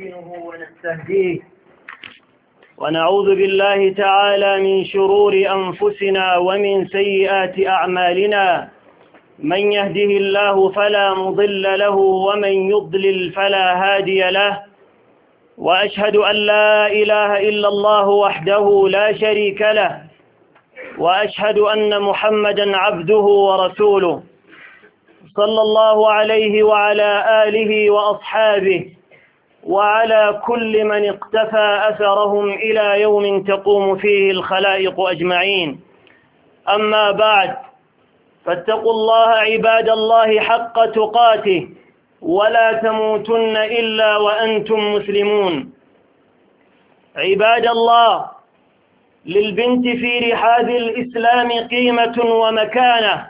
نستعينه ونستهديه ونعوذ بالله تعالى من شرور أنفسنا ومن سيئات أعمالنا من يهده الله فلا مضل له ومن يضلل فلا هادي له وأشهد أن لا إله إلا الله وحده لا شريك له وأشهد أن محمدا عبده ورسوله صلى الله عليه وعلى آله وأصحابه وعلى كل من اقتفى أثرهم إلى يوم تقوم فيه الخلائق أجمعين أما بعد فاتقوا الله عباد الله حق تقاته ولا تموتن إلا وأنتم مسلمون عباد الله للبنت في رحاب الإسلام قيمة ومكانة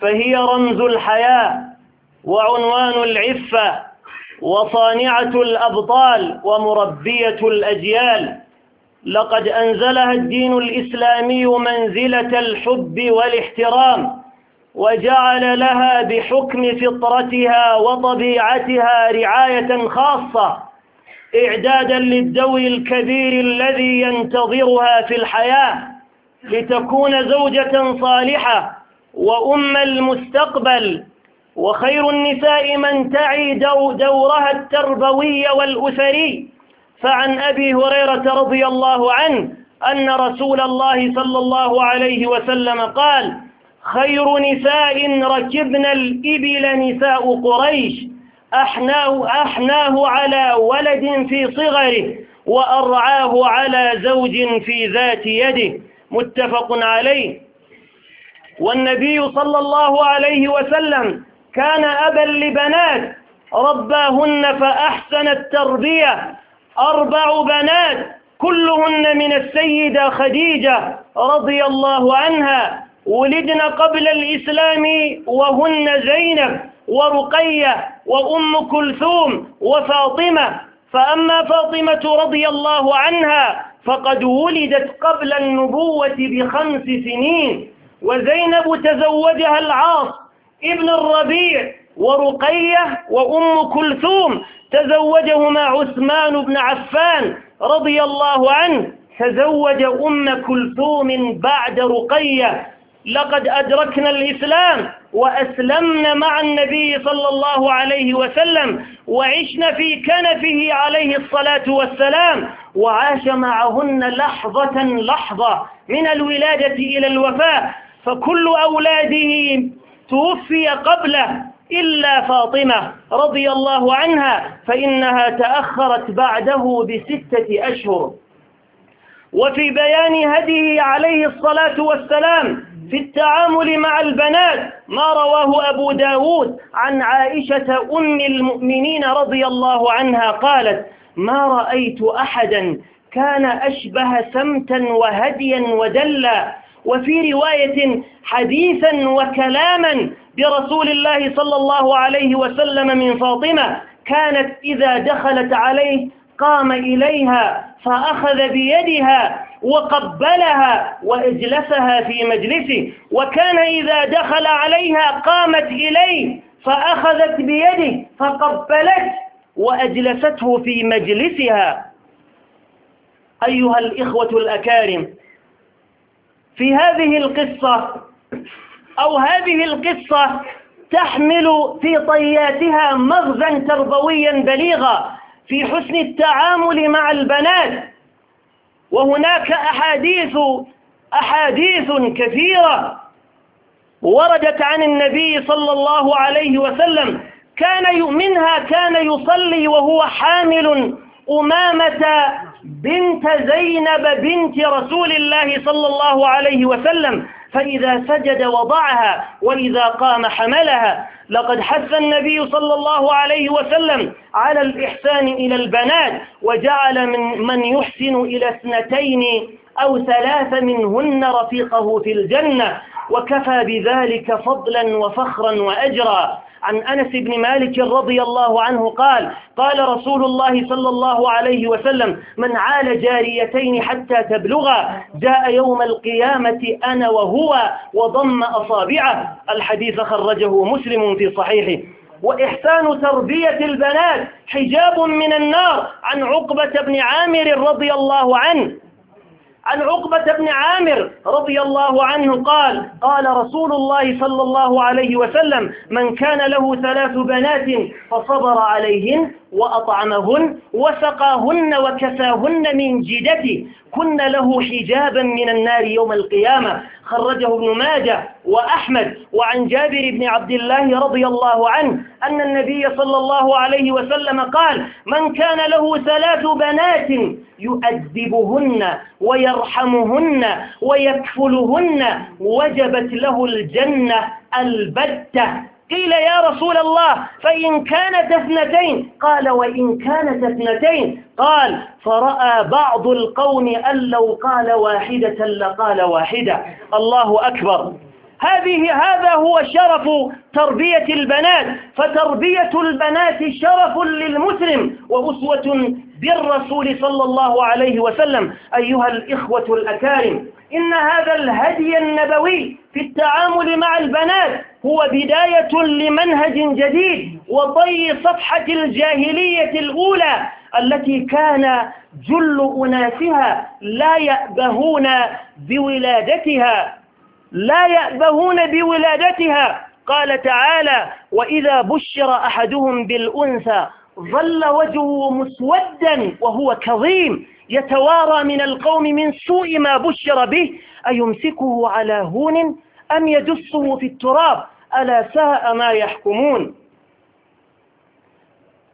فهي رمز الحياة وعنوان العفة وصانعة الأبطال ومربية الأجيال لقد أنزلها الدين الإسلامي منزلة الحب والاحترام وجعل لها بحكم فطرتها وطبيعتها رعاية خاصة إعدادا للدوي الكبير الذي ينتظرها في الحياة لتكون زوجة صالحة وأم المستقبل وخير النساء من تعي دو دورها التربوي والأسري فعن أبي هريرة رضي الله عنه أن رسول الله صلى الله عليه وسلم قال خير نساء ركبنا الإبل نساء قريش أحناه, أحناه على ولد في صغره وأرعاه على زوج في ذات يده متفق عليه والنبي صلى الله عليه وسلم كان أبا لبنات رباهن فأحسن التربية أربع بنات كلهن من السيدة خديجة رضي الله عنها ولدن قبل الإسلام وهن زينب ورقية وأم كلثوم وفاطمة فأما فاطمة رضي الله عنها فقد ولدت قبل النبوة بخمس سنين وزينب تزوجها العاص ابن الربيع ورقية وأم كلثوم تزوجهما عثمان بن عفان رضي الله عنه تزوج أم كلثوم بعد رقية لقد أدركنا الإسلام وأسلمنا مع النبي صلى الله عليه وسلم وعشنا في كنفه عليه الصلاة والسلام وعاش معهن لحظة لحظة من الولادة إلى الوفاة فكل أولاده توفي قبله إلا فاطمة رضي الله عنها فإنها تأخرت بعده بستة أشهر وفي بيان هديه عليه الصلاة والسلام في التعامل مع البنات ما رواه أبو داود عن عائشة أم المؤمنين رضي الله عنها قالت ما رأيت أحدا كان أشبه سمتا وهديا ودلا وفي رواية حديثا وكلاما برسول الله صلى الله عليه وسلم من فاطمة كانت إذا دخلت عليه قام إليها فأخذ بيدها وقبلها وأجلسها في مجلسه وكان إذا دخل عليها قامت إليه فأخذت بيده فقبلته وأجلسته في مجلسها أيها الإخوة الأكارم في هذه القصة أو هذه القصة تحمل في طياتها مغزا تربويا بليغا في حسن التعامل مع البنات وهناك أحاديث أحاديث كثيرة وردت عن النبي صلى الله عليه وسلم كان منها كان يصلي وهو حامل أمامة بنت زينب بنت رسول الله صلى الله عليه وسلم فإذا سجد وضعها وإذا قام حملها لقد حث النبي صلى الله عليه وسلم على الإحسان إلى البنات وجعل من, من يحسن إلى اثنتين أو ثلاث منهن رفيقه في الجنة وكفى بذلك فضلا وفخرا وأجرا عن أنس بن مالك رضي الله عنه قال قال رسول الله صلى الله عليه وسلم من عال جاريتين حتى تبلغا جاء يوم القيامة أنا وهو وضم أصابعه الحديث خرجه مسلم في صحيحه وإحسان تربية البنات حجاب من النار عن عقبة بن عامر رضي الله عنه عن عقبة بن عامر رضي الله عنه قال قال رسول الله صلى الله عليه وسلم من كان له ثلاث بنات فصبر عليهن وأطعمهن وسقاهن وكساهن من جدته كن له حجابا من النار يوم القيامة خرجه ابن ماجه وأحمد وعن جابر بن عبد الله رضي الله عنه أن النبي صلى الله عليه وسلم قال من كان له ثلاث بنات يؤدبهن ويرحمهن ويكفلهن وجبت له الجنة البتة قيل يا رسول الله فإن كانت اثنتين قال وإن كانت اثنتين قال فرأى بعض القوم أن لو قال واحدة لقال واحدة الله أكبر هذه هذا هو شرف تربية البنات فتربية البنات شرف للمسلم وأسوة بالرسول صلى الله عليه وسلم أيها الإخوة الأكارم إن هذا الهدي النبوي في التعامل مع البنات هو بداية لمنهج جديد وطي صفحة الجاهلية الأولى التي كان جل أناسها لا يأبهون بولادتها لا يأبهون بولادتها قال تعالى وإذا بشر أحدهم بالأنثى ظل وجهه مسودا وهو كظيم يتوارى من القوم من سوء ما بشر به أيمسكه على هون أم يدسه في التراب ألا ساء ما يحكمون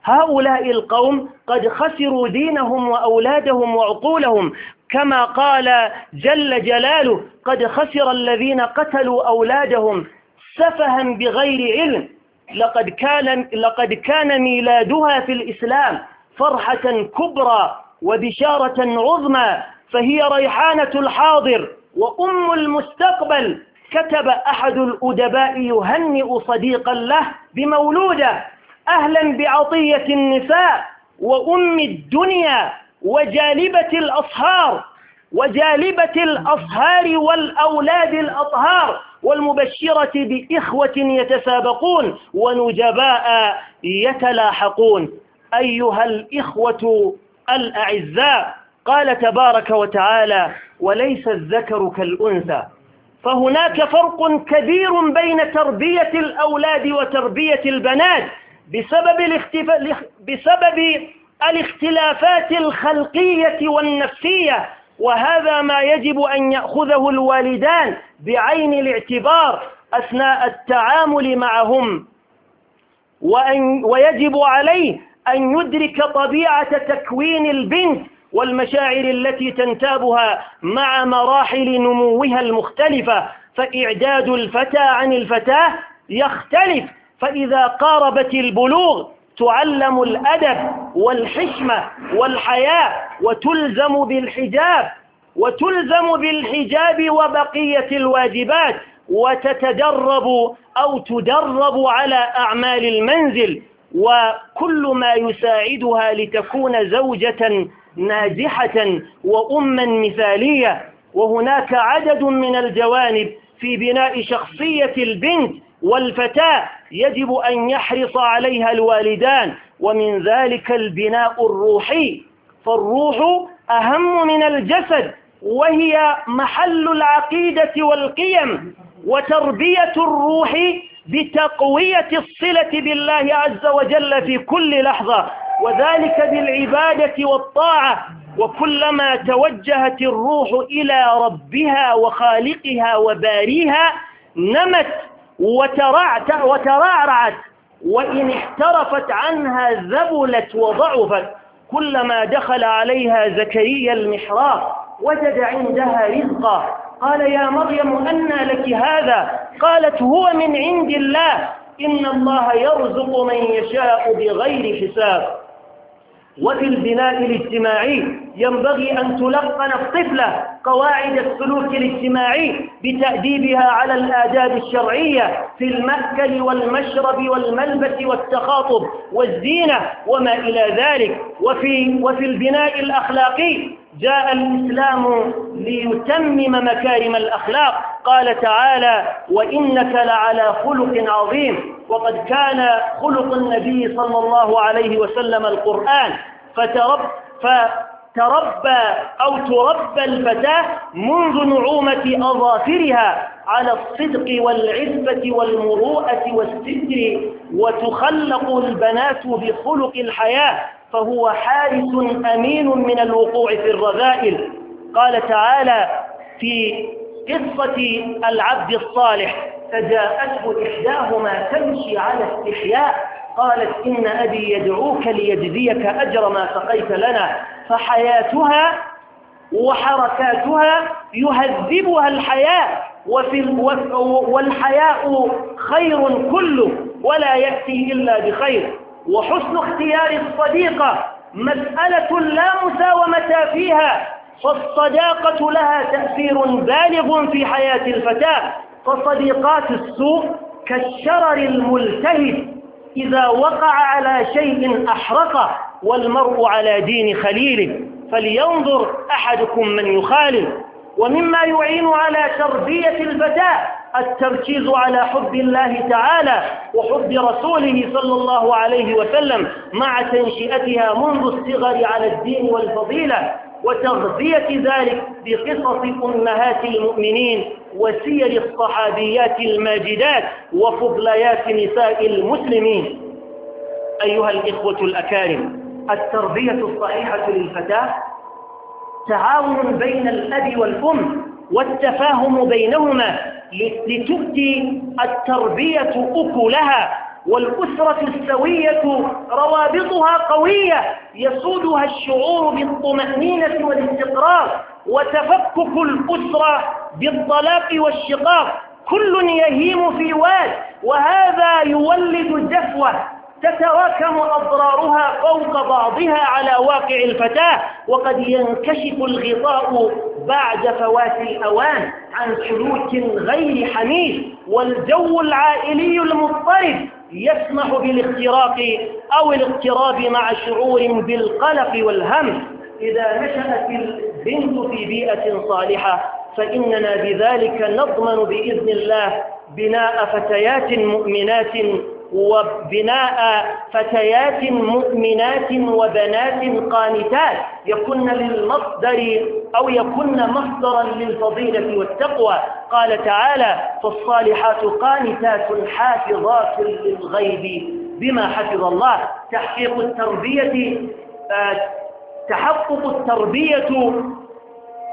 هؤلاء القوم قد خسروا دينهم وأولادهم وعقولهم كما قال جل جلاله قد خسر الذين قتلوا أولادهم سفها بغير علم لقد كان, لقد كان ميلادها في الإسلام فرحة كبرى وبشارة عظمى فهي ريحانة الحاضر وأم المستقبل كتب أحد الأدباء يهنئ صديقا له بمولودة أهلا بعطية النساء وأم الدنيا وجالبة الأصهار وجالبة الأصهار والأولاد الأطهار والمبشرة بإخوة يتسابقون ونجباء يتلاحقون أيها الإخوة الأعزاء قال تبارك وتعالى وليس الذكر كالأنثى فهناك فرق كبير بين تربية الأولاد وتربية البنات بسبب, الاختف... بسبب الاختلافات الخلقية والنفسية وهذا ما يجب أن يأخذه الوالدان بعين الاعتبار أثناء التعامل معهم وأن... ويجب عليه أن يدرك طبيعة تكوين البنت والمشاعر التي تنتابها مع مراحل نموها المختلفة فإعداد الفتى عن الفتاة يختلف فإذا قاربت البلوغ تعلم الأدب والحشمة والحياء وتلزم بالحجاب وتلزم بالحجاب وبقية الواجبات وتتدرب أو تدرب على أعمال المنزل وكل ما يساعدها لتكون زوجة ناجحة وأما مثالية وهناك عدد من الجوانب في بناء شخصية البنت والفتاة يجب أن يحرص عليها الوالدان ومن ذلك البناء الروحي فالروح أهم من الجسد وهي محل العقيدة والقيم وتربية الروح بتقوية الصلة بالله عز وجل في كل لحظة وذلك بالعبادة والطاعة وكلما توجهت الروح إلى ربها وخالقها وباريها نمت وترعت وترعرعت وإن احترفت عنها ذبلت وضعفت كلما دخل عليها زكريا المحراب وجد عندها رزقا قال يا مريم أنى لك هذا قالت هو من عند الله إن الله يرزق من يشاء بغير حساب وفي البناء الاجتماعي ينبغي أن تلقن الطفلة قواعد السلوك الاجتماعي بتأديبها على الآداب الشرعية في المأكل والمشرب والملبس والتخاطب والزينة وما إلى ذلك وفي, وفي البناء الأخلاقي جاء الإسلام ليتمم مكارم الأخلاق قال تعالى وإنك لعلى خلق عظيم وقد كان خلق النبي صلى الله عليه وسلم القرآن فترب فتربى أو تربى الفتاة منذ نعومة أظافرها على الصدق والعفة والمروءة والستر وتخلق البنات بخلق الحياة فهو حارس أمين من الوقوع في الرذائل قال تعالى في قصة العبد الصالح فجاءته إحداهما تمشي على استحياء قالت إن أبي يدعوك ليجزيك أجر ما سقيت لنا فحياتها وحركاتها يهذبها الحياء وفي والحياء خير كله ولا يأتي إلا بخير وحسن اختيار الصديقة مسألة لا مساومة فيها فالصداقة لها تأثير بالغ في حياة الفتاة فصديقات السوء كالشرر الملتهب إذا وقع على شيء أحرقه والمرء على دين خليله فلينظر أحدكم من يخالف ومما يعين على تربية الفتاة التركيز على حب الله تعالى وحب رسوله صلى الله عليه وسلم مع تنشئتها منذ الصغر على الدين والفضيلة وتغذية ذلك بقصص أمهات المؤمنين وسير الصحابيات الماجدات وفضليات نساء المسلمين أيها الإخوة الأكارم التربية الصحيحة للفتاة تعاون بين الأب والأم والتفاهم بينهما لتؤتي التربية أكلها والأسرة السوية روابطها قوية يسودها الشعور بالطمأنينة والاستقرار وتفكك الأسرة بالطلاق والشقاق كل يهيم في واد وهذا يولد جفوة تتراكم أضرارها فوق بعضها على واقع الفتاة وقد ينكشف الغطاء بعد فوات الأوان عن سلوك غير حميد والجو العائلي المضطرب يسمح بالاختراق أو الاقتراب مع شعور بالقلق والهم إذا نشأت البنت في بيئة صالحة فإننا بذلك نضمن بإذن الله بناء فتيات مؤمنات وبناء فتيات مؤمنات وبنات قانتات يكن للمصدر أو يكن مصدرا للفضيلة والتقوى قال تعالى فالصالحات قانتات حافظات للغيب بما حفظ الله تحقيق التربية آه، تحقق التربية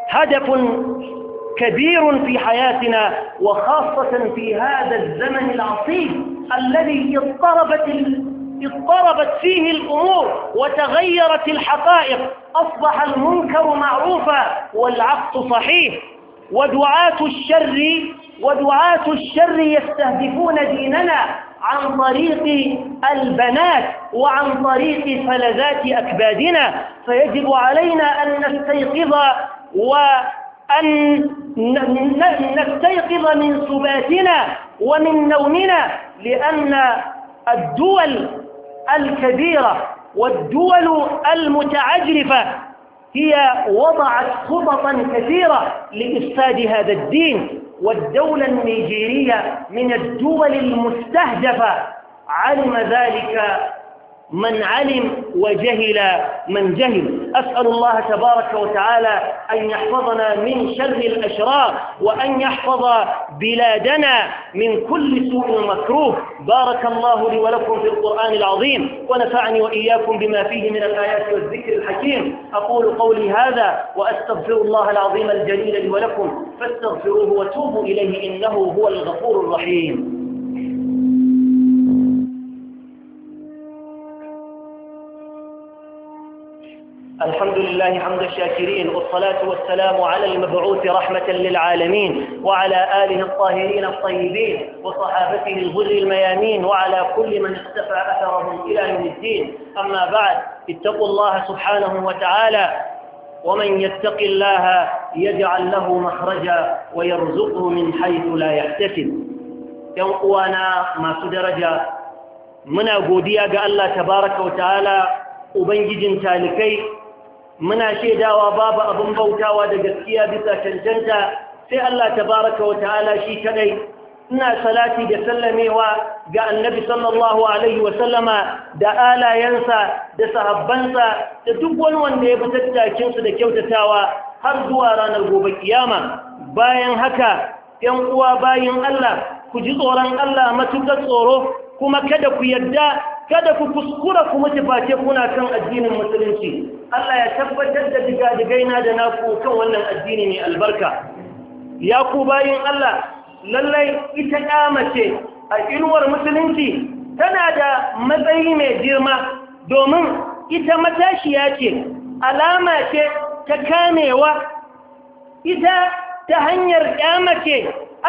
هدف كبير في حياتنا وخاصة في هذا الزمن العصيب الذي اضطربت اضطربت فيه الأمور وتغيرت الحقائق أصبح المنكر معروفا والعقد صحيح ودعاة الشر ودعاة الشر يستهدفون ديننا عن طريق البنات وعن طريق فلذات أكبادنا فيجب علينا أن نستيقظ وأن نستيقظ من سباتنا ومن نومنا لأن الدول الكبيرة والدول المتعجرفة هي وضعت خططا كثيرة لإفساد هذا الدين والدولة النيجيرية من الدول المستهدفة علم ذلك من علم وجهل من جهل أسأل الله تبارك وتعالى أن يحفظنا من شر الأشرار وأن يحفظ بلادنا من كل سوء مكروه بارك الله لي ولكم في القرآن العظيم ونفعني وإياكم بما فيه من الآيات والذكر الحكيم أقول قولي هذا وأستغفر الله العظيم الجليل لي ولكم فاستغفروه وتوبوا إليه إنه هو الغفور الرحيم الحمد لله حمد الشاكرين والصلاة والسلام على المبعوث رحمة للعالمين وعلى آله الطاهرين الطيبين وصحابته الغر الميامين وعلى كل من اختفى أثرهم إلى يوم الدين أما بعد اتقوا الله سبحانه وتعالى ومن يتق الله يجعل له مخرجا ويرزقه من حيث لا يحتسب ينقوانا ما سدرجا من قوديا قال الله تبارك وتعالى Ubangijin جنتالكي muna shaidawa babu abin bautawa da gaskiya bisa cancanta sai Allah tabaraka wa ta'ala shi kadai ina salati da sallamewa ga annabi sallallahu alaihi wa sallama da alayensa da sahabbansa da duk wani wanda ya fi tattakinsu da kyautatawa har zuwa ranar gobe kiyama bayan haka ‘yan uwa bayin Allah ku ji tsoron Allah matuƙar tsoro kuma kada ku yadda kada ku kuskura ku mutu face kuna kan addinin musulunci Allah ya tabbatar da digadigai na da naku kan wannan addini mai albarka ya ku bayin Allah lallai ita kamace a inuwar musulunci tana da matsayi mai girma domin ita matashiya ce alama ce ta kamewa ita ta hanyar mace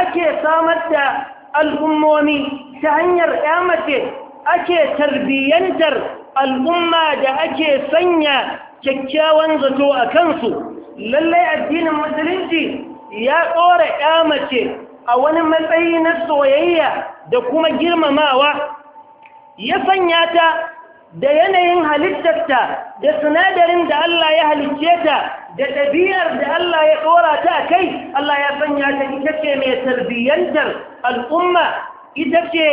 ake samar da al'ummomi ta hanyar mace. ake tarbiyyantar al'umma da ake sanya kyakkyawan zato a kansu lallai addinin musulunci ya tsora ya mace a wani matsayi na soyayya da kuma girmamawa ya sanya ta da yanayin halittarta da sinadarin da Allah ya halicce ta da ɗabi'ar da Allah ya tsora ta a kai Allah ya sanya ta ita ce mai tarbiyyantar al'umma ita ce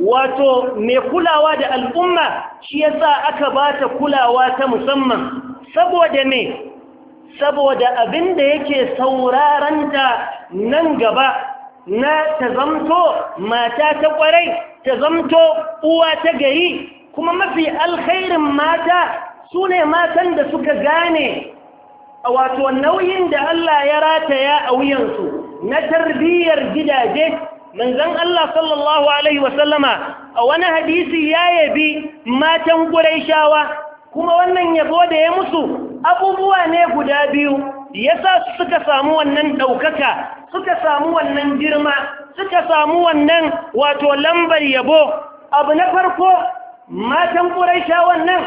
wato mai kulawa da al'umma shi yasa aka ba ta kulawa ta musamman saboda ne saboda abin da yake sauraranta nan gaba na ta zamto mata ta kwarai ta zamto uwa ta gari kuma mafi alkhairin mata su ne matan da suka gane a wato nauyin da Allah ya rataya a wuyansu na tarbiyyar gidaje manzon Allah sallallahu alaihi wasallama a wani hadisi ya yabi matan Qurayshawa kuma wannan yabo da ya musu abubuwa ne guda biyu yasa suka samu wannan ɗaukaka, suka samu wannan girma suka samu wannan wato lambar yabo abu na farko matan Qurayshawan nan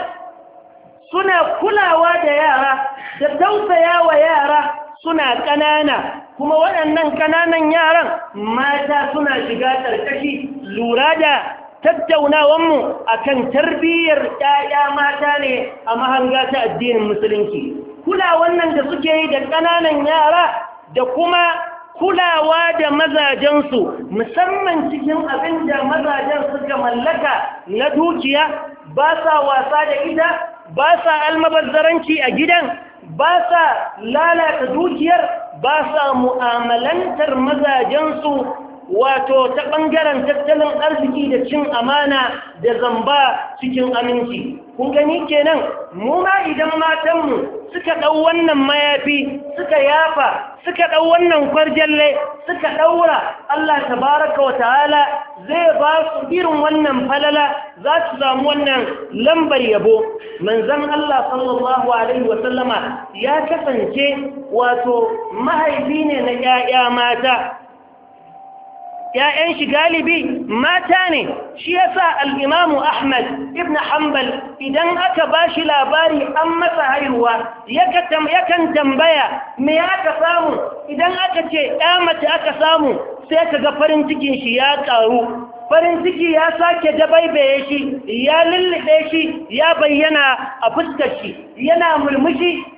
suna kulawa da yara da tausaya wa yara suna ƙanana kuma waɗannan ƙananan yaran mata suna shiga ƙarƙashi, lura da tattaunawanmu a kan tarbiyyar ƙaya mata ne a mahanga ta addinin musulunci Kula wannan da suke yi da ƙananan yara da kuma kulawa da mazajensu musamman cikin abin da mazajen suka mallaka na dukiya ba sa wasa da ita ba sa almabazzaranci a gidan ba sa lalata dukiyar ba sa mu'amalantar mazajensu wato ta ɓangaren tattalin arziki da cin amana da zamba cikin aminci kun gani kenan mu ma idan matanmu suka ɗau wannan mayafi suka yafa suka ɗau wannan kwarjalle suka ɗaura Allah tabaraka wa ta'ala zai ba su irin wannan falala za su samu wannan lambar yabo manzon Allah sallallahu alaihi wa ya kasance wato mahaifi ne na 'ya'ya mata ‘ya'yan shi galibi mata ne shi ya sa al'imamu Ahmad ibn Hanbal idan aka ba shi labari an masa haihuwa yakan tambaya me aka samu idan aka ce ‘ya mace aka samu sai ka ga farin cikin shi ya ƙaru farin ciki ya sake dabaibaye shi ya lullube shi ya bayyana a fuskar shi yana mulmushi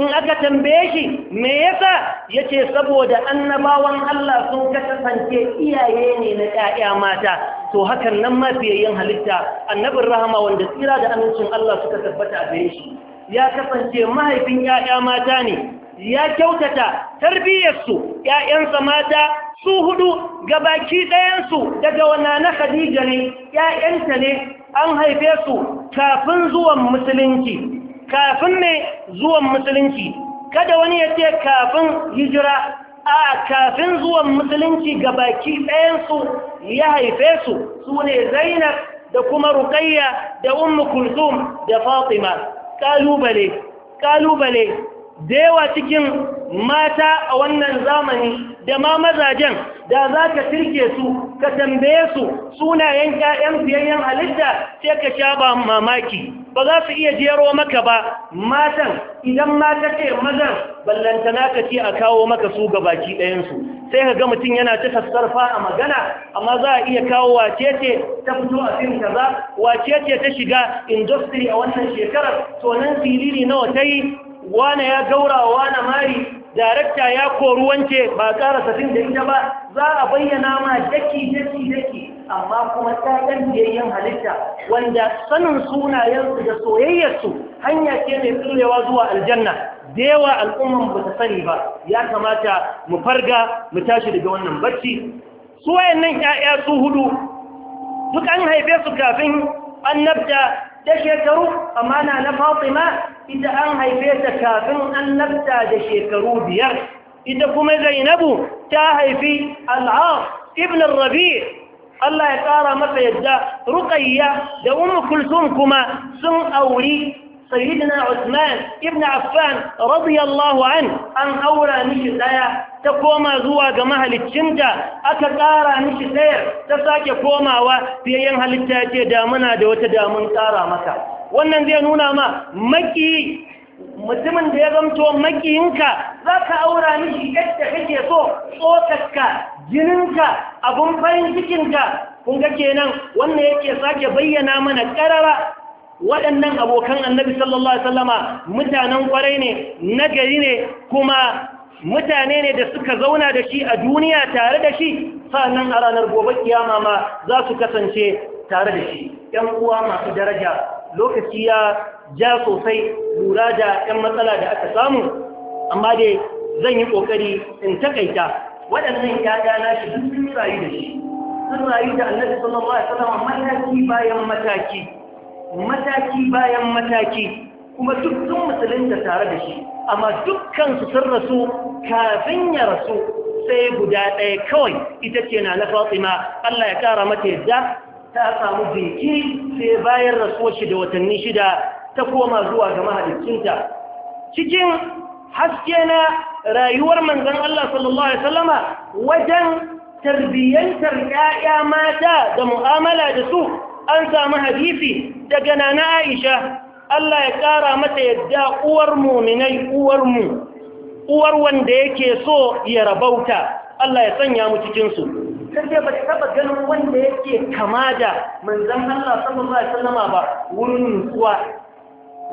in aka tambaye shi me yasa yace saboda annabawan Allah sun kasance iyaye ne na ƴaƴa mata to hakan nan ma fiyayyen halitta annabin rahama wanda tsira da amincin Allah suka tabbata a gare shi ya kasance mahaifin ƴaƴa mata ne ya kyautata tarbiyyarsu ‘ya'yansa mata su hudu gabaki ɗayansu daga wana na Khadija ne ‘ya'yanta ne an haife su kafin zuwan musulunci kafin mai zuwan musulunci kada wani ya ce kafin hijira a kafin zuwan musulunci ga baki ɗayansu ya haife su su ne zainab da kuma rukayya da ummu kulsum da fatima kalubale kalubale da yawa cikin mata a wannan zamani da ma mazajen da za ka tirke su ka tambaye su sunayen ƴaƴan biyayyen halitta sai ka sha ba mamaki ba za su iya jero maka ba matan idan mata ce mazan ballanta ka ce a kawo maka su ga baki ɗayansu sai ka ga mutum yana ta sassarfa a magana amma za a iya kawo wace ce ta fito a fim kaza wace ce ta shiga industry a wannan shekarar to nan siriri nawa ta yi wane ya gaura wane mari darakta ya koruwance ba ƙara sassin da ita ba za a bayyana ma daki daki daki amma kuma ɗayan biyayyen halitta wanda sanin sunayensu da soyayyarsu hanya ce mai tsirewa zuwa aljanna da yawa al'umman ba ta sani ba ya kamata mu farga mu tashi daga wannan bacci su wayannan 'ya'ya su hudu duk an haife su kafin annabta da shekaru amma na fatima ita an haife ta kafin annabta da shekaru biyar ita kuma zainabu ta haifi al'ar ibn rabi Allah ya ƙara masa yadda ruƙayya da ummu kulsum kuma sun auri sayyidina Usman ibn Affan radiyallahu an an aura mishi daya ta koma zuwa ga mahaliccinta aka ƙara mishi ɗayar ta sake komawa fiyayyen halitta ce damuna da wata damun ƙara maka wannan zai nuna ma maki mutumin da ya zamto makiyinka za ka aura mishi yadda kake so tsokarka jininka abin farin cikinka kun ga kenan wannan yake sake bayyana mana karara waɗannan abokan annabi sallallahu alaihi wasallama mutanen kwarai ne nagari ne kuma mutane ne da suka zauna da shi a duniya tare da shi sannan a ranar gobe kiyama ma za su kasance tare da shi ‘yan uwa masu daraja lokaci ya ja sosai lura da 'yan matsala da aka samu amma dai zan yi ƙoƙari in takaita waɗannan ‘ya'ya na shi duk sun rayu da shi sun rayu da annabi sallallahu alaihi wasallam mataki bayan mataki mataki bayan mataki kuma duk sun musulunta tare da shi amma dukkan su sun rasu kafin ya rasu sai guda ɗaya kawai ita ce na na Fatima Allah ya kara mata yadda ta samu jinkiri sai bayan rasuwar shi da watanni shida ta koma zuwa ga mahalicinta cikin haske na rayuwar manzon Allah sallallahu alaihi wajen tarbiyyantar ƴaƴa mata da mu'amala da su an samu hadisi daga nana Aisha Allah ya ƙara mata yadda uwar muminai uwar mu uwar wanda yake so ya rabauta Allah ya sanya mu cikinsu. su sai dai ba taba ganin wanda yake kama da manzon Allah sallallahu alaihi wasallama ba wurin nutsuwa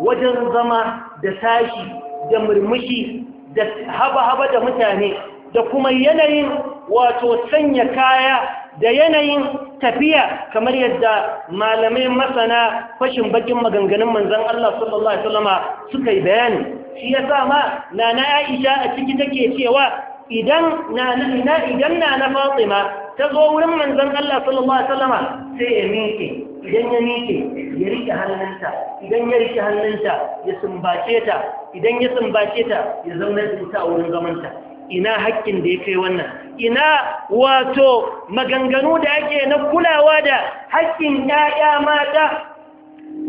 wajen zama da tashi da murmushi da haba-haba da mutane da kuma yanayin wato sanya kaya da yanayin tafiya kamar yadda malamai masana fashin bakin maganganun manzan Allah sallallahu Alaihi wasallama suka yi bayani shi ya sa ma Aisha a ciki take cewa idan na na Fatima ta zo wurin manzon Allah sallallahu alaihi wasallama sai ya miƙe idan ya miƙe ya riƙe hannunta idan ya rike hannunta ya sumbace ta idan ya sumbace ta ya zauna da ta a wurin zamanta ina haƙƙin da ya kai wannan ina wato maganganu da ake na kulawa da haƙƙin 'ya'ya mata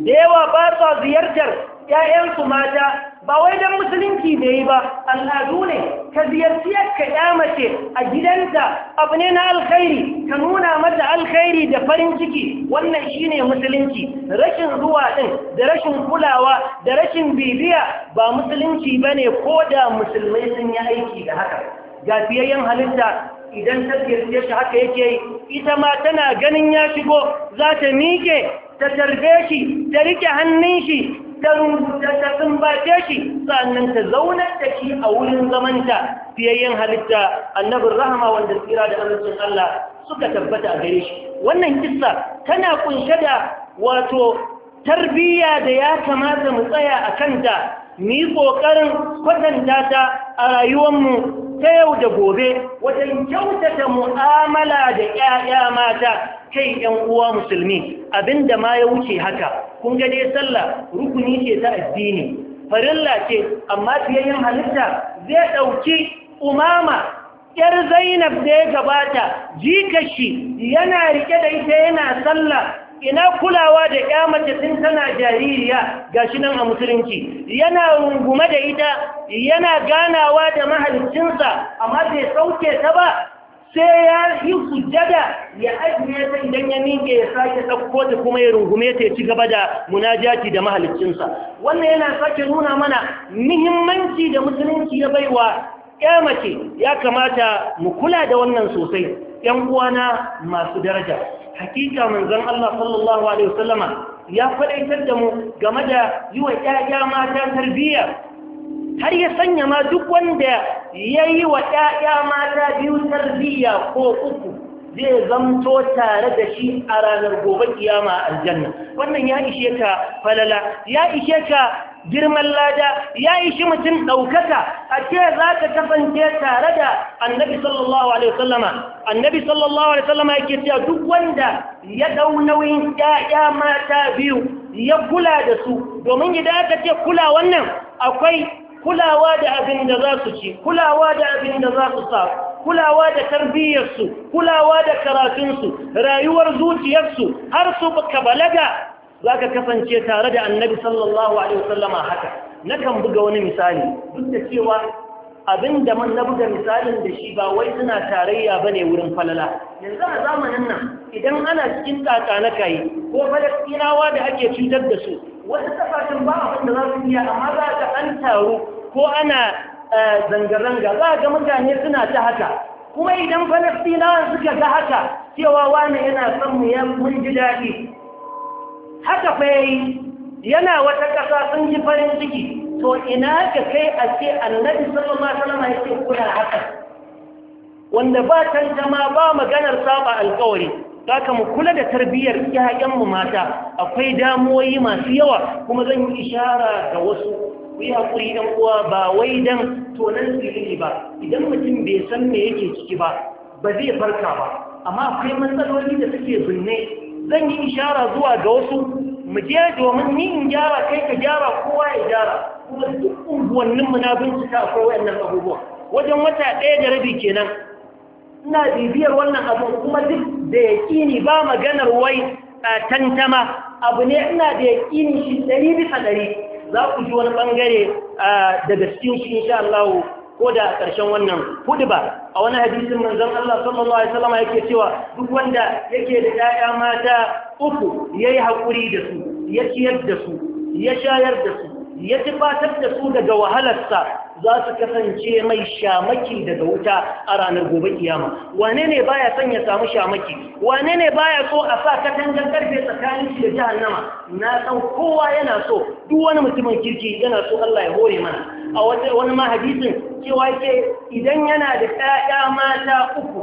da yawa ba sa ziyartar ‘ya'yansu mata ba wai dan musulunci da yi ba al'adu ne ka ziyarci ka ya mace a gidanta abu ne na alkhairi ka nuna mata alkhairi da farin ciki wannan ne musulunci rashin zuwa ɗin da rashin kulawa da rashin bibiya ba musulunci ba ne ko da musulmai sun yi aiki da haka gafiyayyen halitta idan ta ziyarce shi haka yake ita ma tana ganin ya shigo za ta miƙe ta tarbe shi ta rike hannun shi ta sumbace shi sannan ta zaunar da shi a wurin zamanta fiyayyen halitta annabin rahama wanda tsira da amincin Allah suka tabbata a gare shi wannan kissa tana kunshe da wato tarbiyya da ya kamata mu tsaya a kanta mu yi ƙoƙarin kwatanta ta a rayuwanmu ta yau da gobe wajen kyautata mu'amala da 'ya'ya mata kai 'yan uwa musulmi da ma ya wuce haka kun ga dai sallah rukuni ce ta addini farilla ce amma fiyayyen halitta zai ɗauki umama ‘yar zainab da ya gabata jikashi yana rike da ita yana sallah ina kulawa da ya mace sun tana jaririya ga shi nan a musulunci yana rungume da ita yana ganawa da mahalicinsa amma bai sauke ta ba sai ya yi hujjada ya ajiye ta idan ya miƙe ya sake ɗauko da kuma ya rungume ta ya ci gaba da munajati da mahalicinsa wannan yana sake nuna mana muhimmanci da musulunci ya baiwa ya mace ya kamata mu kula da wannan sosai ‘yan uwana masu daraja hakika manzan Allah sallallahu Alaihi wasallama ya faɗaitar da mu game da yi wa ‘ya'ya mata tarbiyya har ya sanya ma duk wanda ya yi wa ‘ya'ya mata biyu tarbiyya ko uku zai zamto tare da shi a ranar gobe kiyama aljanna wannan ya ishe ka falala ya ishe ka girman lada ya yi shi mutum ɗaukaka a ce za ka kasance tare da annabi sallallahu alaihi wasallama annabi sallallahu alaihi wasallama yake cewa duk wanda ya ɗau nauyin ƴaƴa mata biyu ya kula da su domin idan aka ce kula wannan akwai kulawa da abin da za su ci kulawa da abin da za su sa kulawa da tarbiyyarsu kulawa da karatunsu rayuwar zuciyarsu har su ka balaga za ka kasance tare da annabi sallallahu alaihi wasallama haka nakan buga wani misali duk da cewa abin da man na buga misalin da shi ba wai suna tarayya ba ne wurin falala yanzu a zamanin nan idan ana cikin tsaka na kayi ko falastinawa da ake cutar da su wasu kasashen ba abin da za su iya amma za ka an taru ko ana eh, zanga-zanga za ga mutane suna ta haka kuma idan falastinawa suka ga haka cewa wani yana son mu ya mun ji daɗi haka fa yayi yana wata ƙasa sun ji farin ciki to ina ka kai a ce annabi sallallahu alaihi wasallam yake ce haka wanda ba tantama ba maganar saba alƙawari haka mu kula da tarbiyyar mu mata akwai damuwoyi masu yawa kuma zan yi ishara ga wasu ku yi haƙuri ɗan uwa ba wai dan tonan sirri ba idan mutum bai san me yake ciki ba ba zai farka ba amma akwai matsaloli da suke binne zan yi ishara zuwa ga wasu mu je domin ni in gyara kai ka gyara kowa ya gyara kuma duk unguwannin mu na bincika akwai wayannan abubuwa wajen wata ɗaya da rabi kenan ina bibiyar wannan abu kuma duk da yaƙini ba maganar wai tantama abu ne ina da ni shi ɗari bisa ɗari za ku ji wani ɓangare daga cikin shi insha Allah ko da a ƙarshen wannan hudu ba a wani hadisin manzon Allah sallallahu alaihi ya yake cewa duk wanda yake da 'ya'ya mata uku ya yi haƙuri da su ya ciyar da su ya shayar da su ya tifatar da su daga wahalarsa za su kasance mai shamaki daga wuta a ranar gobe kiyama wane ne baya son ya samu shamaki wane ne baya so a sa katangar karfe tsakanin shi da nama? na san kowa yana so duk wani mutumin kirki yana so Allah ya hore mana a wani ma hadisin cewa ke idan yana da ƴaƴa mata uku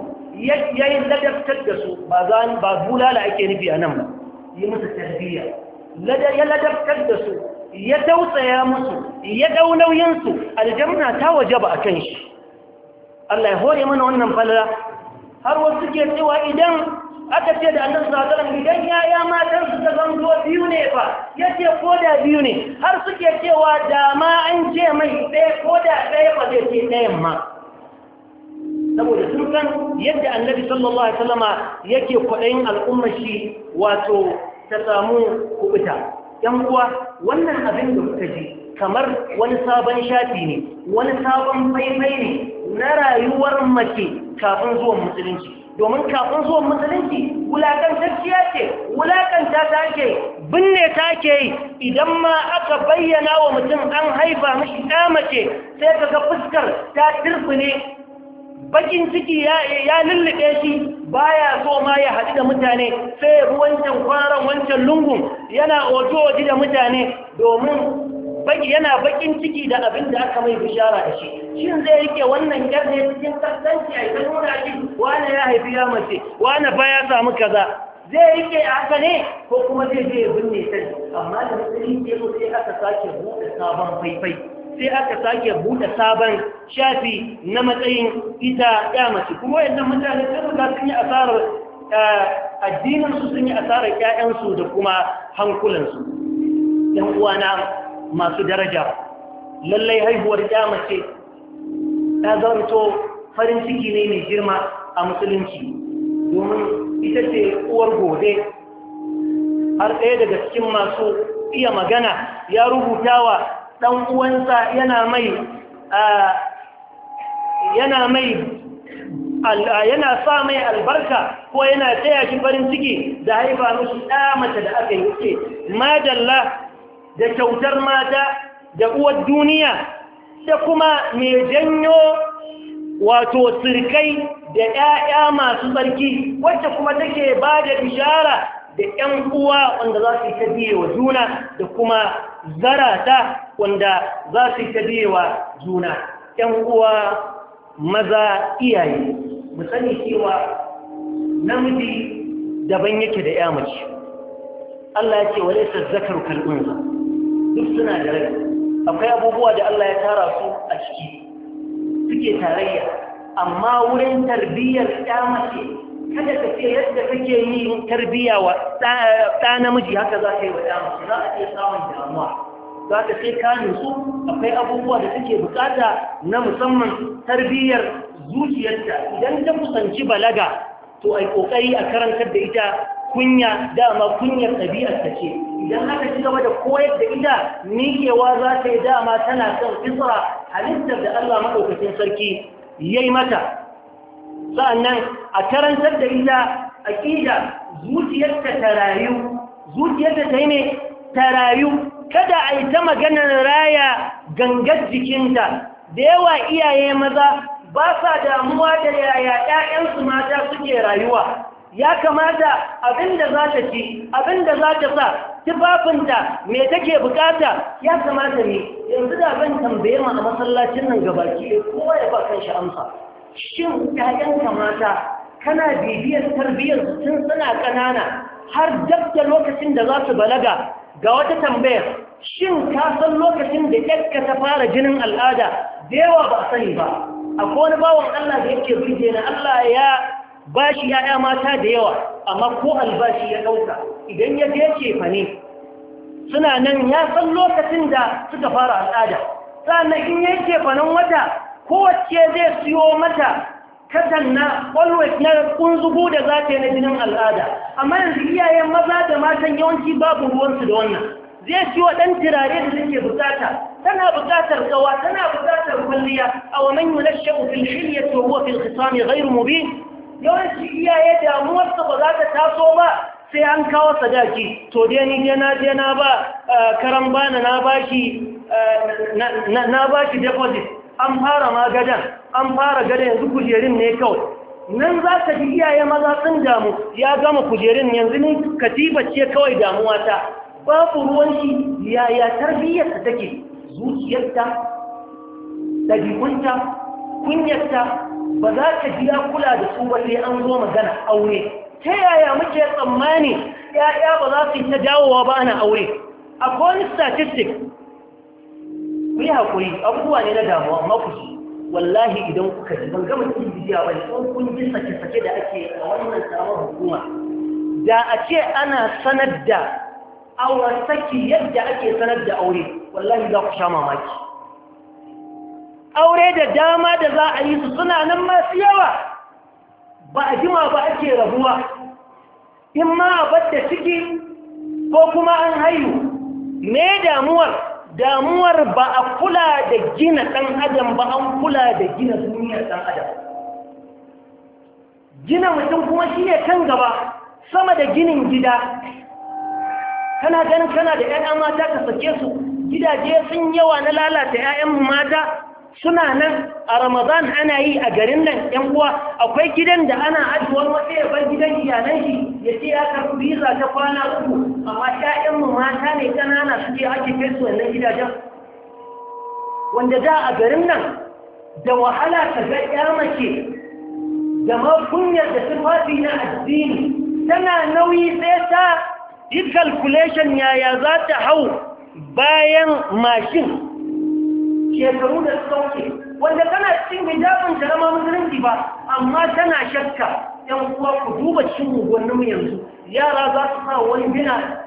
yayin ladabtar da su ba za ba bulala ake nufi a nan ba yi musu tarbiyya ya ladabtar da su ya tausaya musu ya dau nauyinsu aljanna ta wajaba a kan shi Allah ya hore mana wannan falala har wasu ke cewa idan aka ce da annabi sallallahu idan yaya matan su ta zanto biyu ne fa yace ko da biyu ne har suke cewa da ma an ce mai ɗaya ko da ɗaya ba zai ce ɗayan ma saboda dukan yadda annabi sallallahu alaihi wasallama yake kwaɗayin al'ummar shi wato ta samu kubuta ‘yan uwa wannan abin da kuka ji kamar wani sabon shafi ne wani sabon faifai ne na rayuwar mace kafin zuwan musulunci domin kafin zuwan musulunci wulakantacciya ce wulakanta ta ke binne ta ke yi idan ma aka bayyana wa mutum an haifa mashi mace sai ka ga fuskar ta turbi ne bakin ciki ya lullube shi baya so ma ya haɗu da mutane sai wancan kwaron wancan lungun yana oto waje da mutane domin yana bakin ciki da abin da aka mai bishara da shi shin zai rike wannan garne cikin kasance a ita nuna shi wane ya haifi ya mace wane ba ya samu kaza zai rike a haka ne ko kuma zai je ya binne sai amma da musulunci ya zo sai aka sake buɗe sabon faifai sai aka sake buɗe sabon shafi na matsayin ita ya mace kuma yadda mutane sun riga sun yi asarar eh, addininsu sun yi asarar ƴaƴansu da kuma hankulansu ɗan uwana masu daraja lallai haihuwar ya mace ta zanto farin ciki ne mai girma a musulunci domin ita ce uwar gobe har ɗaya daga cikin masu iya magana ya rubuta wa ɗan uwansa yana mai yana mai yana sa mai albarka ko yana taya shi farin ciki da haifa musu ɗa mace da aka yi ce madalla da kyautar mata da uwar duniya da kuma mai janyo wato sirkai da 'ya'ya masu tsarki wacce kuma take ba da bishara da 'yan uwa wanda za su yi ta wa juna da kuma zarata wanda za su ta biyewa juna ‘yan uwa maza iyaye mu sani cewa namiji daban yake da ya mace Allah ya ce wa laisa zakaru kal'unsa duk suna da rai akwai abubuwa da Allah ya tara su a ciki suke tarayya amma wurin tarbiyyar ya mace kada ka ce yadda kake yi tarbiya wa ɗa namiji haka za ka yi wa ɗa za a iya samun damuwa za ka sai ka nutsu akwai abubuwa da suke bukata na musamman tarbiyyar zuciyarta idan ta kusanci balaga to ai kokari a karantar da ita kunya dama kunyar ɗabi'ar ta ce idan haka ci gaba da koyar da ita miƙewa za ta yi dama tana son fitra halittar da Allah maɗaukacin sarki yayi mata sa'annan a karantar da ita aƙida zuciyarta ta rayu zuciyarta ta yi ne ta rayu kada a yi ta maganar raya gangar jikinta da yawa iyaye maza ba sa damuwa da yaya ‘ya'yansu mata suke rayuwa ya kamata abinda za ta ci abinda za ta sa tufafinta me take bukata ya kamata ne yanzu da ban tambaye mu a masallacin nan gabaki kowa ya ba kan shi amsa shin ‘ya'yanka mata kana bibiyar tarbiyyar tun suna ƙanana har dab da lokacin da za su balaga ga wata tambayar shin ka san lokacin da ƙyarka ta fara jinin al'ada da yawa ba sani ba akwai wani bawan Allah da yake birge na Allah ya bashi shi ‘ya'ya mata da yawa amma ko albashi ya ɗauka idan ya je cefa ne suna nan ya san lokacin da suka fara al'ada sannan in ya yi wata kowace zai siyo mata katan na always na kunzugu da za ta yi na jinin al'ada amma yanzu iyayen maza da matan yawanci babu ruwansu da wannan zai siyo ɗan turare da suke bukata tana bukatar kawa tana bukatar kwalliya a wa man yulashu fil hilyati wa huwa fil khisami ghayr mubin yawanci iyaye damuwarsa ba za ta taso ba sai an kawo sadaki to dai ni dai na je na ba eh, karan bana na bashi eh, na bashi deposit an fara ma gadan an fara gadan yanzu kujerin ne kawai nan za ka ji iyaye maza sun damu ya gama kujerin yanzu ne katiba ce kawai damuwa ta babu ruwan shi yaya ta take zuciyarta ɗabi'unta kunyarta ba za ka ji ya kula da su ba sai an zo magana aure ta yaya muke tsammani ya'ya ba za su yi ta dawowa ba ana aure akwai wani statistic yi haƙuri abubuwa ne na damuwa amma ku wallahi idan kuka ji ban gama cikin bidiya ba ko kun ji sake-sake da ake a wannan samun hukuma da a ce ana sanar da auren saki yadda ake sanar da aure wallahi za ku sha mamaki aure da dama da za a yi su suna nan masu yawa ba a jima ba ake rabuwa in ma a bar da ciki ko kuma an haihu me damuwar damuwar ba a kula da gina ɗan adam ba an kula da gina duniyar ɗan adam gina mutum kuma shi ne kan gaba sama da ginin gida kana ganin kana da 'ya'ya mata ka sake su gidaje sun yawa na lalata 'ya'yan mata suna nan a ramadan ana yi a garin nan yan uwa akwai gidan da ana ajiwar wata ya bar gidan iyalan shi ya ce ya karɓi biza ta kwana uku amma mu mata ne ƙanana suke ake kai su wannan gidajen wanda da a garin nan da wahala ta ga ƴa mace da ma kunyar da tufafi na addini tana nauyi sai ta yi calculation yaya za ta hau bayan mashin shekaru da suka wuce wanda tana cikin hijabin jarama musulunci ba amma tana shakka yan kuwa ku duba cikin mugunnin yanzu yara za su sa wani bina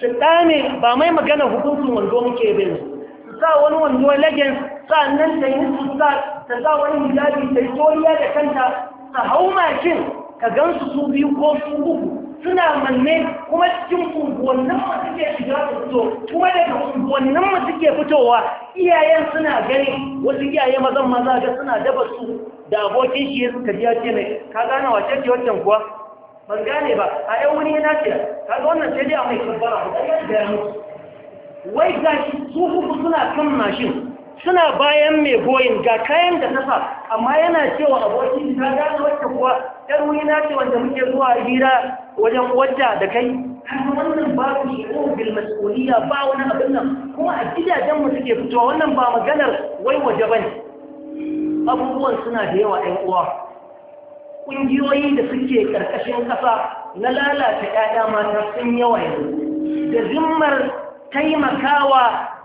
su ɗane ba mai magana hukuncin wando muke bin su sa wani wando lagen sa nan da yin su sa ta sa wani hijabi ta yi toriya da kanta ta hau makin ka gansu su biyu ko su uku suna manne kuma cikin unguwannin mu suke shiga fito kuma daga unguwannin mu suke fitowa iyayen suna gani wasu iyaye mazan maza ga suna daba su da abokin shi ya suka biya ce mai ka gane wa ce wancan kuwa ban gane ba a yau wani yana ce ka ga wannan sai dai a mai ɗaya da ya mutu wai gashi su uku suna kan mashin suna bayan mai goyin ga kayan da nasa amma yana cewa abokin ta gano wacce kuwa ‘yan na ce wanda muke zuwa hira wajen wajja da kai kuma wannan ba babu shi'o bil mas'uliyya ba wani abin nan kuma a gidajen mu suke fitowa wannan ba maganar wai waje ba ne. abubuwan suna da yawa ‘yan uwa ƙungiyoyi da suke ƙarƙashin ƙasa na lalata ‘ya'ya mata sun yawa yanzu da zimmar taimakawa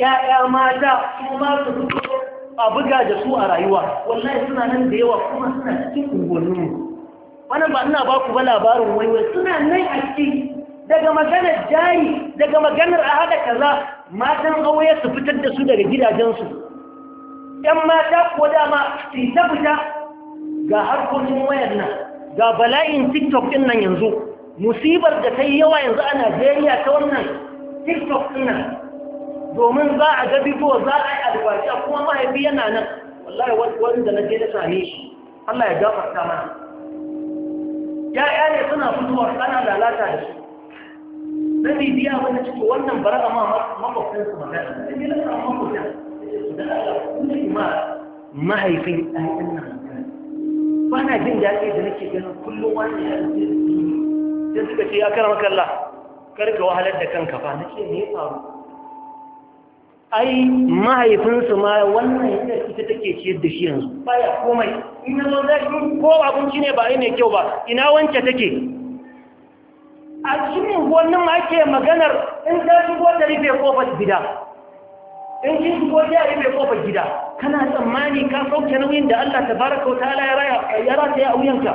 ya'ya mata su ba su duk a buga da su a rayuwa wallahi suna nan da yawa kuma suna cikin unguwanninmu wannan ba ina ba ku ba labarin waiwai suna nan a ciki daga maganar jari daga maganar a haɗa kaza matan auye su fitar da su daga gidajensu ‘yan mata ko dama su ta fita ga harkokin wayar nan ga bala'in tiktok ɗin nan yanzu musibar da ta yi yawa yanzu a najeriya ta wannan tiktok ɗin nan domin za a ga zuwa za a yi a kuma mahaifi yana nan wallahi wanda na je na same shi Allah ya gafarta mana ya'ya ne suna fitowa ana lalata da su na bibiya wani ciki wannan bara ma makwabtan su magana da gina sa makwabtan da Allah kuma ma mahaifin ɗayan nan ba na jin daɗi da nake ganin kullum wani ya rufe da su sai suka ce ya karama kalla karka wahalar da kanka ba nake ne faru ai mahaifinsu ma wannan yana ita take ciyar da shi yanzu baya komai in yanzu zai ko abinci ne ba mai kyau ba ina wance take a cikin wannan ake maganar in ta shigo ta rufe kofar gida in kin shigo ta rufe kofar gida kana tsammani ka sauke nauyin da Allah tabaraka wa ta'ala ya raya ya raya auyanka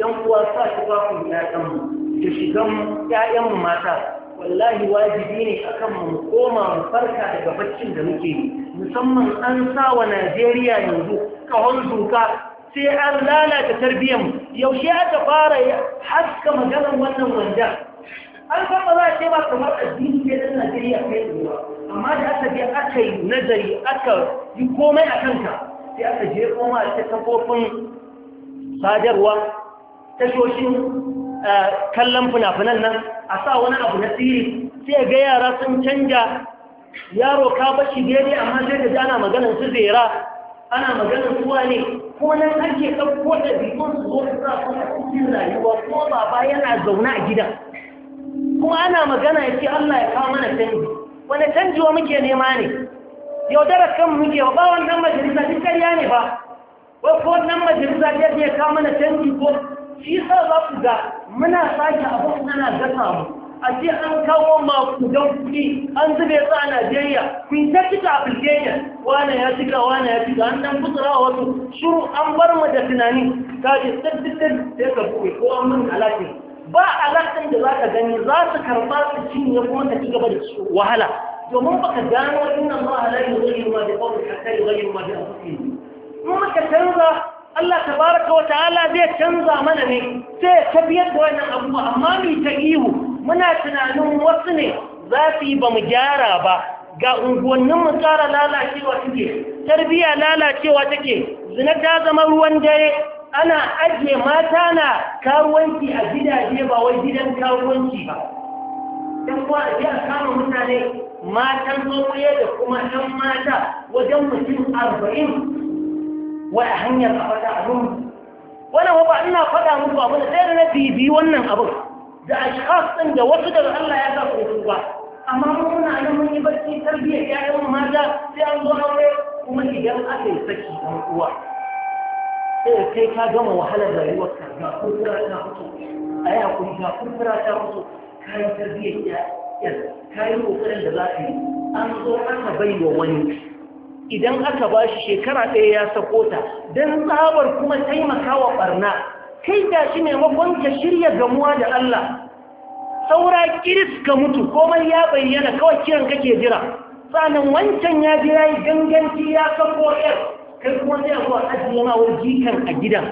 dan uwa sa shi ba ku ya mu ta shigan ƴaƴan mata wallahi wajibi ne akan mu koma mu farka daga baccin da muke musamman an sa wa Najeriya yanzu kahon duka, sai an lalata tarbiyyar yaushe aka fara haska maganar wannan wanda an san za a ce ba kamar addini ke na Najeriya kai ba amma da aka je aka yi nazari aka yi komai a kanka sai aka je koma ta kafofin sadarwa tashoshin kallon funafunan nan a sa wani abu na siri sai ga yara sun canja yaro ka bashi daidai amma sai da ana maganar su zera ana maganar suwa ne ko nan ake ɗauko da bikon su zo su sa kuma cikin rayuwa ko baba yana zaune a gidan, kuma ana magana ya ce Allah ya kawo mana canji wani canji wa muke nema ne yaudarar kan muke ba wannan majalisa duk ƙarya ne ba wai ko wannan majalisa ta ya kawo mana canji ko shi sa za ku ga muna sake abin ana gasa mu a ce an kawo maku don kuɗi an zube su a Najeriya kun ta cika application wane ya cika wane ya cika an dan kutsura wasu shiru an bar mu da tunani Ta ce tsaddadin da ya karɓi ko an mun alaƙin ba alaƙin da za ka gani za su karɓa su cinye kuma ka ci gaba da wahala domin ba ka gano inna ma halayen zai yi ma da ƙwaƙwa ka kai zai yi ma da ƙwaƙwa in muka canza Allah tabaraka wa ta'ala zai canza mana ne sai ya tafiyar da wannan abu amma mu ta ihu muna tunanin wasu ne za su yi ba mu gyara ba ga unguwannin mu tsara lalacewa suke tarbiya lalacewa take zina ta zama ruwan dare ana ajiye mata na karuwanci a gidaje ba wai gidan karuwanci ba dan kuwa a kama mutane matan zo da kuma ɗan mata wajen mutum arba'in wani hanyar a faɗa abin wani ba ina faɗa muku abin da sai na bibi wannan abin da ashkhas ɗin da wasu daga Allah ya sa su ba amma mun muna nan mun yi barci tarbiyyar ƴaƴan mata sai an zo aure kuma idan aka yi saki ɗan uwa sai kai ka gama wahalar rayuwarka ga kurkura ta fito a yi hakuri ga kurkura ta fito ka yi tarbiyyar ƴaƴan ka yi ƙoƙarin da za ka yi an zo aka bai wa wani idan aka ba shi shekara ɗaya ya sako ta don tsabar kuma taimakawa ɓarna kai da shi maimakon ka shirya gamuwa da Allah saura kiris ka mutu komai ya bayyana kawai kiran kake jira sanan wancan ya ji ya yi ganganci ya sako ɗaya kai kuma zai a zuwa ajiye ma wani jikan a gidan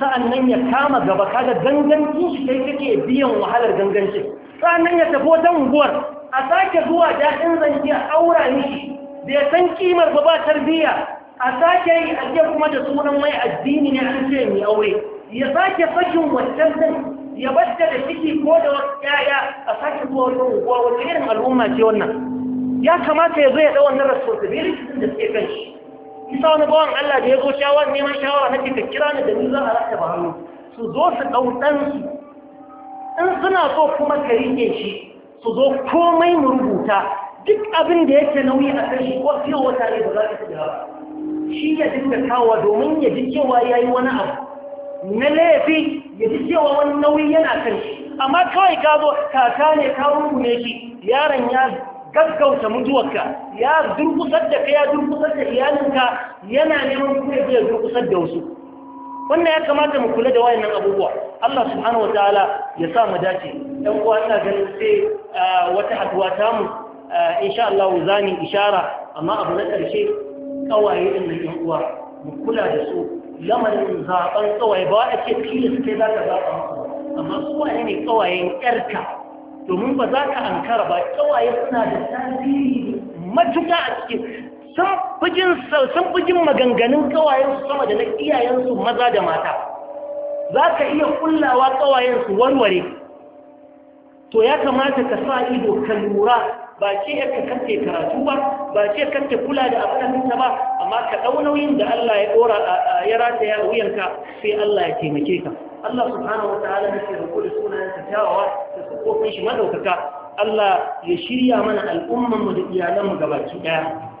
sa'an ya kama gaba kaga gangancin shi kai kake biyan wahalar gangancin sa'an ya tafi wata unguwar a sake zuwa daɗin zance aura mishi bai san kimar ba ba tarbiyya a sake yi ajiye kuma da sunan mai addini ne an ce mai aure ya sake fashin wancan din ya bata da ciki ko da wasu yaya a sake zuwa wani unguwa wani irin al'umma ce wannan ya kamata ya zo ya ɗau wannan responsibility da suke kan shi kisa wani bawan Allah da ya zo shawar neman shawara na ka kira ni da ni za a rasa ba hannu su zo su ɗau ɗansu in suna so kuma ka riƙe shi su zo komai mu rubuta duk abin da yake nauyi a kan shi ko fiye wata ne ba za ka shiga ba shi ya dinga kawo domin ya ji cewa ya yi wani abu na laifi ya ji cewa wani nauyi yana kan shi amma kawai ka zo kaka ne ka rungume shi yaron ya gaggauta mutuwarka ya durkusar da ka ya durkusar da iyalinka yana neman kuma ya durkusar da wasu wannan ya kamata mu kula da wayannan abubuwa Allah subhanahu wataala ya sa mu dace dan uwa ina ganin sai ah, wata haduwa ta mu Eh, insha Allah za mu ishara amma abu na ƙarshe kawaye din nan yan uwa mu kula da su lamarin zaɓen kawaye ba a ce tilas kai za ka zaba amma su wane ne kawayen yarka domin ba za ka ankara ba kawaye suna da tasiri matuƙa a cikin sun fi jin maganganun su sama da na iyayensu maza da mata za ka iya kullawa su warware to ya kamata ka sa ido ka lura ba ce yarka kanta karatu ba ba ce kanta kula da abinanta ba amma ka ɗau nauyin da Allah ya ɗora ya rataya a wuyanka sai Allah ya taimake ka Allah subhanahu wataala nake roƙo da sunayen sa da sukofin shi madaukaka Allah ya shirya mana al'umman mu da iyalan mu gabaki daya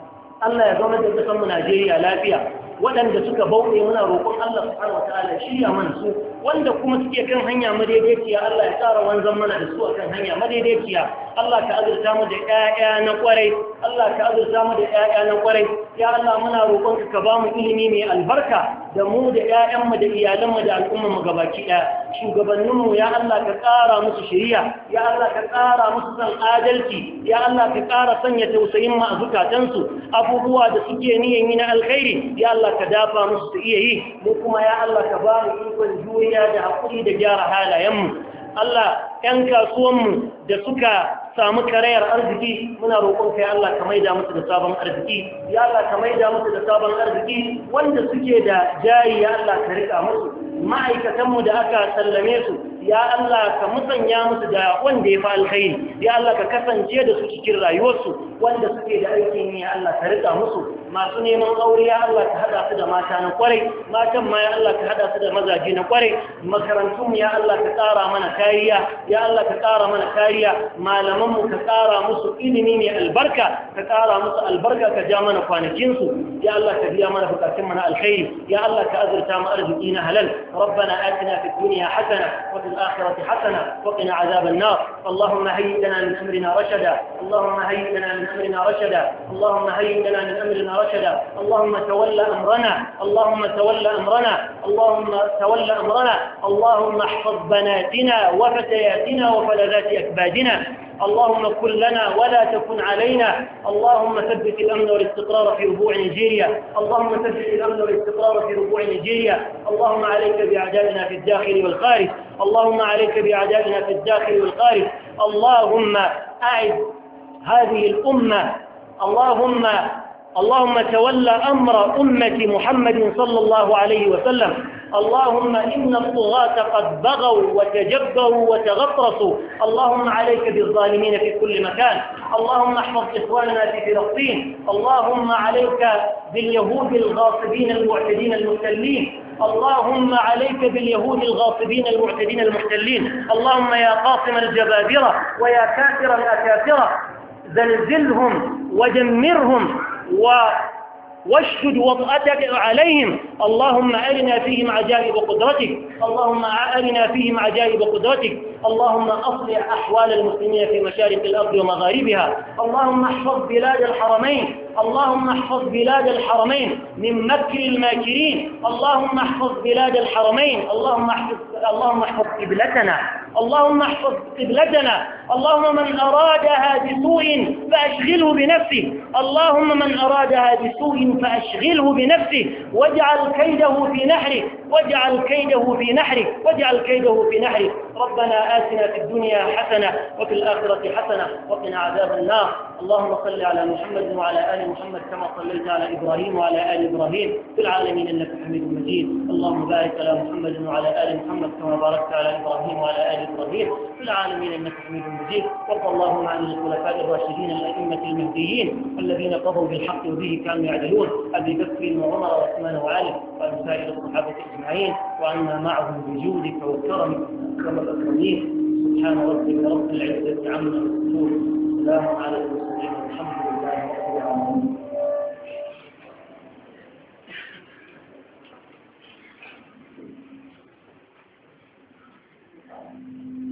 Allah ya zama da kasar mu Najeriya lafiya waɗanda suka bauɗe muna roƙon Allah subhanahu wataala shirya mana su wanda kuma suke kan hanya madaidaiciya Allah ya tsara wanzan mana da su akan hanya madaidaiciya Allah ka azurta mu da ƴaƴa na kwarai Allah ka azurta mu da ƴaƴa na kwarai ya Allah muna roƙonka ka ba mu ilimi mai albarka da mu da mu da iyalanmu da al'umma mu gabaki ɗaya shugabanninmu ya Allah ka ƙara musu shiriya ya Allah ka ƙara musu san adalci ya Allah ka ƙara sanya tausayin mu a abubuwa da suke niyan yi na alkhairi ya Allah ka dafa musu su iya yi mu kuma ya Allah ka ba mu ikon juriya juriya da haƙuri da gyara halayenmu Allah ‘yan kasuwanmu da suka samu karayar arziki muna roƙon kai Allah ka maida musu da sabon arziki ya Allah ka maida musu da sabon arziki wanda suke da jayi, ya Allah ka rika musu ma'aikatanmu da aka sallame su ya Allah ka musanya musu da wanda ya fi alkhairi ya Allah ka kasance da su cikin rayuwarsu wanda suke da aikin ya Allah ka rika musu masu neman aure ya Allah ka hada su da mata na kwarai matan ma ya Allah ka hada su da mazaje na kwarai makarantun ya Allah ka tsara mana kariya ya Allah ka tsara mana kariya malaman mu ka tsara musu ilimi mai albarka ka tsara musu albarka ka ja mana kwanakin su ya Allah ka biya mana bukatun mana alkhairi ya Allah ka azurta mu arziki na halal ربنا آتنا في الدنيا حسنة وفي الآخرة حسنة وقنا عذاب النار اللهم هيئ لنا من أمرنا رشدا اللهم هيئ لنا من أمرنا رشدا اللهم هيئ لنا من أمرنا رشدا اللهم تول أمرنا اللهم تول أمرنا اللهم تول أمرنا اللهم احفظ بناتنا وفتياتنا وفلذات أكبادنا اللهم كن لنا ولا تكن علينا اللهم ثبت الأمن والاستقرار في ربوع نيجيريا اللهم ثبت الأمن والاستقرار في ربوع نيجيريا اللهم عليك بأعدائنا في الداخل والخارج اللهم عليك بأعدائنا في الداخل والخارج اللهم أعد هذه الأمة اللهم اللهم تولى أمر أمة محمد صلى الله عليه وسلم اللهم إن الطغاة قد بغوا وتجبروا وتغطرسوا اللهم عليك بالظالمين في كل مكان اللهم احفظ إخواننا في فلسطين اللهم عليك باليهود الغاصبين المعتدين المحتلين اللهم عليك باليهود الغاصبين المعتدين المحتلين اللهم يا قاصم الجبابرة ويا كافر الأكافرة زلزلهم ودمرهم و واشدد وطأتك عليهم اللهم أرنا فيهم عجائب قدرتك اللهم أرنا فيهم عجائب قدرتك اللهم أصلح أحوال المسلمين في مشارق الأرض ومغاربها اللهم احفظ بلاد الحرمين اللهم احفظ بلاد الحرمين من مكر الماكرين اللهم احفظ بلاد الحرمين اللهم احفظ اللهم احفظ قبلتنا اللهم احفظ قبلتنا اللهم من أرادها بسوء فأشغله بنفسه اللهم من أرادها بسوء فأشغله بنفسه واجعل كيده في نحره واجعل كيده في نحره واجعل كيده في نحره ربنا آتنا في الدنيا حسنة وفي الآخرة حسنة وقنا عذاب النار اللهم صل على محمد وعلى آل محمد كما صليت على إبراهيم وعلى آل إبراهيم في العالمين إنك حميد مجيد اللهم بارك على محمد وعلى آل محمد كما باركت على إبراهيم وعلى آل إبراهيم في العالمين إنك حميد مجيد وارض اللهم عن الخلفاء الراشدين الأئمة المهديين الذين قضوا بالحق وبه كانوا يعدلون أبي بكر وعمر وعثمان وعلي وعن الصحابة أجمعين وعنا معهم بجودك وكرمك كما تكرمين سبحان ربك رب العزة عما يصفون سلام على المرسلين الحمد لله رب العالمين Thank you.